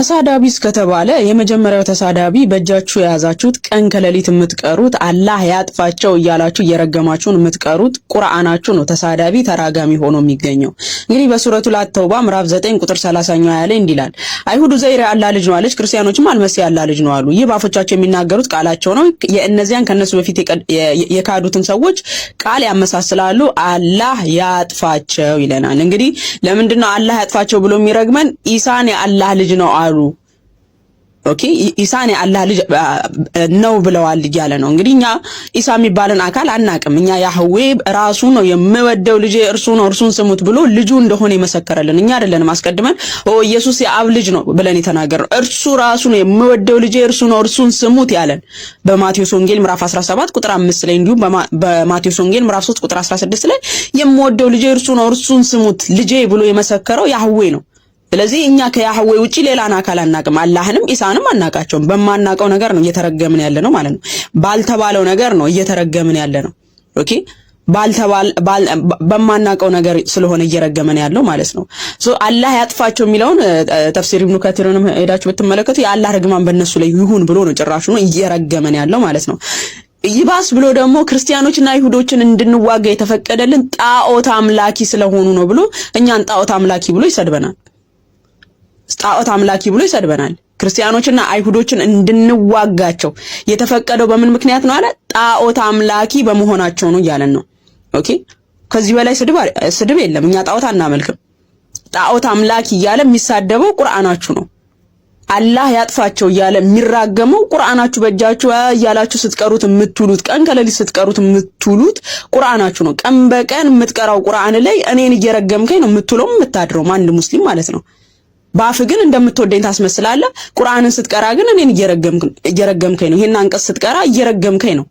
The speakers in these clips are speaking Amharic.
ተሳዳቢ እስከተባለ የመጀመሪያው ተሳዳቢ በእጃችሁ የያዛችሁት ቀን ከሌሊት የምትቀሩት አላህ ያጥፋቸው እያላችሁ እየረገማችሁን የምትቀሩት ቁርአናችሁ ነው ተሳዳቢ ተራጋሚ ሆኖ የሚገኘው። እንግዲህ በሱረቱል ተውባ ምዕራፍ 9 ቁጥር 30 ያለ እንዲላል አይሁዱ ዘይር የአላህ ልጅ ነው አለች፣ ክርስቲያኖችም አልመሲህ የአላህ ልጅ ነው አሉ። ይህ በአፎቻቸው የሚናገሩት ቃላቸው ነው። የእነዚያን ከነሱ በፊት የካዱትን ሰዎች ቃል ያመሳስላሉ። አላህ ያጥፋቸው ይለናል። እንግዲህ ለምንድነው አላህ ያጥፋቸው ብሎ የሚረግመን? ኢሳን የአላህ ልጅ ነው አሉ። ኦኬ ኢሳን አላህ ልጅ ነው ብለዋል እያለ ነው እንግዲህ። እኛ ኢሳ የሚባለን አካል አናቅም። እኛ ያህዌ ራሱ ነው የምወደው ልጄ እርሱ ነው እርሱን ስሙት ብሎ ልጁ እንደሆነ የመሰከረልን እኛ አይደለንም። አስቀድመን ኢየሱስ የአብ ልጅ ነው ብለን የተናገርነው እርሱ ራሱ ነው የምወደው ልጅ እርሱ ነው እርሱን ስሙት ያለን በማቴዎስ ወንጌል ምዕራፍ 17 ቁጥር 5 ላይ እንዲሁም በማቴዎስ ወንጌል ምዕራፍ 3 ቁጥር 16 ላይ የምወደው ልጅ እርሱ ነው እርሱን ስሙት ልጄ ብሎ የመሰከረው ያህዌ ነው። ስለዚህ እኛ ከያህዌ ውጪ ሌላን አካል አናቅም፣ አላህንም ኢሳንም አናቃቸውም። በማናቀው ነገር ነው እየተረገምን ያለ ነው ማለት ነው። ባልተባለው ነገር ነው እየተረገምን ያለ ነው። ኦኬ በማናቀው ነገር ስለሆነ እየረገመን ያለው ማለት ነው። አላህ ያጥፋቸው የሚለውን ተፍሲር ኢብኑ ከቲርንም ሄዳችሁ ብትመለከቱ የአላህ ርግማን በእነሱ ላይ ይሁን ብሎ ነው ጭራሹ ነው እየረገመን ያለው ማለት ነው። ይባስ ብሎ ደግሞ ክርስቲያኖችና አይሁዶችን እንድንዋጋ የተፈቀደልን ጣዖት አምላኪ ስለሆኑ ነው ብሎ እኛን ጣዖት አምላኪ ብሎ ይሰድበናል። ጣዖት አምላኪ ብሎ ይሰድበናል። ክርስቲያኖችና አይሁዶችን እንድንዋጋቸው የተፈቀደው በምን ምክንያት ነው አለ? ጣዖት አምላኪ በመሆናቸው ነው እያለን ነው። ኦኬ ከዚህ በላይ ስድብ የለም። እኛ ጣዖት አናመልክም። ጣዖት አምላኪ እያለ የሚሳደበው ቁርአናችሁ ነው። አላህ ያጥፋቸው እያለ የሚራገመው ቁርአናችሁ በእጃችሁ እያላችሁ ስትቀሩት የምትውሉት ቀን ከሌሊት ስትቀሩት የምትውሉት ቁርአናችሁ ነው። ቀን በቀን የምትቀራው ቁርአን ላይ እኔን እየረገምከኝ ነው የምትውለው የምታድረው አንድ ሙስሊም ማለት ነው። በአፍ ግን እንደምትወደኝ ታስመስላለህ። ቁርአንን ስትቀራ ግን እኔን እየረገምከኝ ነው። ይሄን አንቀጽ ስትቀራ እየረገምከኝ ነው።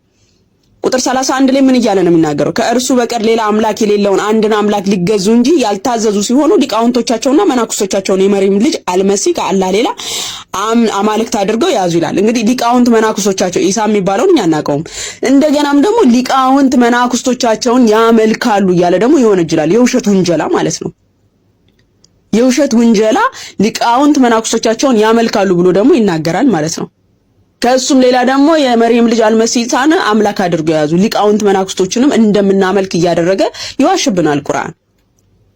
ቁጥር 31 ላይ ምን እያለ ነው የሚናገረው? ከእርሱ በቀር ሌላ አምላክ የሌለውን አንድን አምላክ ሊገዙ እንጂ ያልታዘዙ ሲሆኑ ሊቃውንቶቻቸውና መናኩሶቻቸውን የመሪም ልጅ አልመሲህ ከአላህ ሌላ አማልክት አድርገው ያዙ ይላል። እንግዲህ ሊቃውንት መናኩሶቻቸው ኢሳ የሚባለውን እኛ አናውቀውም። እንደገናም ደግሞ ሊቃውንት መናኩሶቻቸውን ያመልካሉ እያለ ደግሞ ይሆን ይችላል የውሸት ውንጀላ ማለት ነው። የውሸት ውንጀላ ሊቃውንት መናኩሶቻቸውን ያመልካሉ ብሎ ደግሞ ይናገራል ማለት ነው። ከእሱም ሌላ ደግሞ የመሪም ልጅ አልመሲሳን አምላክ አድርገው የያዙ ሊቃውንት መናኩስቶችንም እንደምናመልክ እያደረገ ይዋሽብናል ቁርአን።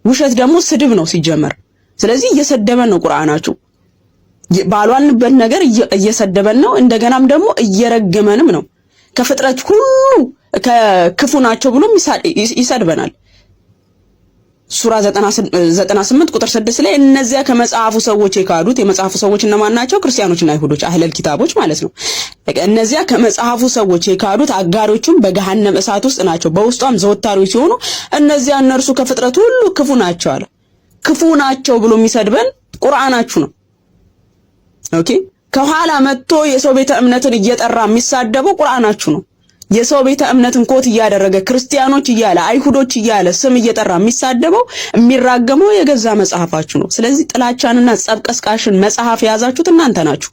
ውሸት ደግሞ ስድብ ነው ሲጀመር። ስለዚህ እየሰደበን ነው ቁርአናችሁ ባሏልንበት ነገር እየሰደበን ነው። እንደገናም ደግሞ እየረገመንም ነው። ከፍጥረት ሁሉ ከክፉ ናቸው ብሎም ይሰድበናል። ሱራ 98 ቁጥር 6 ላይ እነዚያ ከመጽሐፉ ሰዎች የካዱት የመጽሐፉ ሰዎች እነማን ናቸው? ክርስቲያኖችና አይሁዶች አህለል ኪታቦች ማለት ነው። እነዚያ ከመጽሐፉ ሰዎች የካዱት አጋሮቹም በገሃነም እሳት ውስጥ ናቸው፣ በውስጧም ዘወታሪዎች ሲሆኑ እነዚያ እነርሱ ከፍጥረት ሁሉ ክፉ ናቸው አለ። ክፉ ናቸው ብሎ የሚሰድበን ቁርአናችሁ ነው። ኦኬ ከኋላ መጥቶ የሰው ቤተ እምነትን እየጠራ የሚሳደበው ቁርአናችሁ ነው። የሰው ቤተ እምነትን ኮት እያደረገ ክርስቲያኖች እያለ አይሁዶች እያለ ስም እየጠራ የሚሳደበው የሚራገመው የገዛ መጽሐፋችሁ ነው። ስለዚህ ጥላቻንና ጸብ ቀስቃሽን መጽሐፍ የያዛችሁት እናንተ ናችሁ።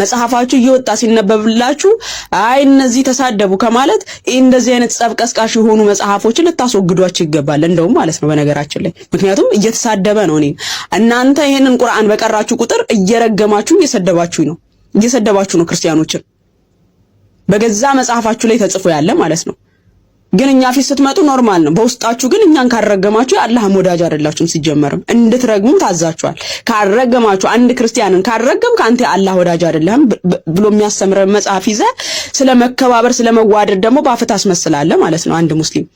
መጽሐፋችሁ እየወጣ ሲነበብላችሁ አይ እነዚህ ተሳደቡ ከማለት ይህ እንደዚህ አይነት ጸብ ቀስቃሽ የሆኑ መጽሐፎችን ልታስወግዷቸው ይገባል። እንደውም ማለት ነው በነገራችን ላይ ምክንያቱም እየተሳደበ ነው። እኔ እናንተ ይህንን ቁርአን በቀራችሁ ቁጥር እየረገማችሁ እየሰደባችሁ ነው እየሰደባችሁ ነው ክርስቲያኖችን በገዛ መጽሐፋችሁ ላይ ተጽፎ ያለ ማለት ነው። ግን እኛ ፊት ስትመጡ ኖርማል ነው። በውስጣችሁ ግን እኛን ካረገማችሁ የአላህም ወዳጅ አይደላችሁም። ሲጀመርም እንድትረግሙ ታዛችኋል። ካረገማችሁ አንድ ክርስቲያንን ካረገም ከአንተ የአላህ ወዳጅ አይደለም ብሎ የሚያስተምረ መጽሐፍ ይዘ ስለ መከባበር፣ ስለ መዋደድ ደግሞ ባፍ ታስመስላለህ ማለት ነው። አንድ ሙስሊም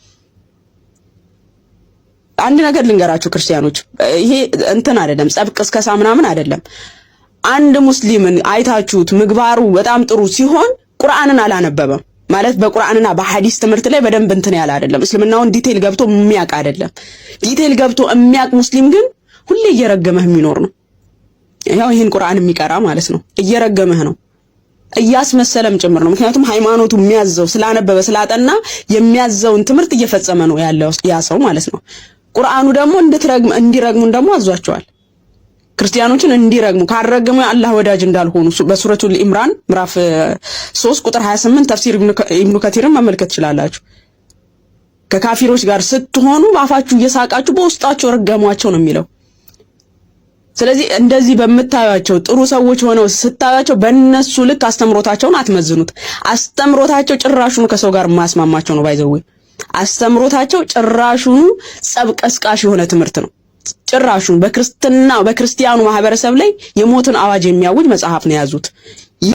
አንድ ነገር ልንገራችሁ ክርስቲያኖች፣ ይሄ እንትን አይደለም፣ ጸብቅ እስከ ሳምናምን አይደለም። አንድ ሙስሊምን አይታችሁት ምግባሩ በጣም ጥሩ ሲሆን ቁርአንን አላነበበም ማለት በቁርአንና በሐዲስ ትምህርት ላይ በደንብ እንትን ያለ አይደለም። እስልምናውን ዲቴል ገብቶ የሚያውቅ አይደለም። ዲቴል ገብቶ የሚያውቅ ሙስሊም ግን ሁሌ እየረገመህ የሚኖር ነው። ያው ይህን ቁርአን የሚቀራ ማለት ነው። እየረገመህ ነው እያስመሰለም ጭምር ነው። ምክንያቱም ሃይማኖቱ የሚያዘው ስላነበበ ስላጠና የሚያዘውን ትምህርት እየፈጸመ ነው ያለው ያ ሰው ማለት ነው። ቁርአኑ ደግሞ እንዲረግሙን ደግሞ አዟቸዋል። ክርስቲያኖችን እንዲረግሙ ካረገሙ የአላህ ወዳጅ እንዳልሆኑ በሱረቱ ልኢምራን ምዕራፍ 3 ቁጥር 28 ተፍሲር ኢብኑ ከቲርን መመልከት ትችላላችሁ። ከካፊሮች ጋር ስትሆኑ በአፋችሁ እየሳቃችሁ በውስጣቸው ረገሟቸው ነው የሚለው። ስለዚህ እንደዚህ በምታዩቸው ጥሩ ሰዎች ሆነው ስታዩቸው በእነሱ ልክ አስተምሮታቸውን አትመዝኑት። አስተምሮታቸው ጭራሹኑ ከሰው ጋር ማስማማቸው ነው። ባይዘዌ አስተምሮታቸው ጭራሹኑ ጸብ ቀስቃሽ የሆነ ትምህርት ነው። ጭራሹን በክርስትና በክርስቲያኑ ማህበረሰብ ላይ የሞትን አዋጅ የሚያውጅ መጽሐፍ ነው የያዙት።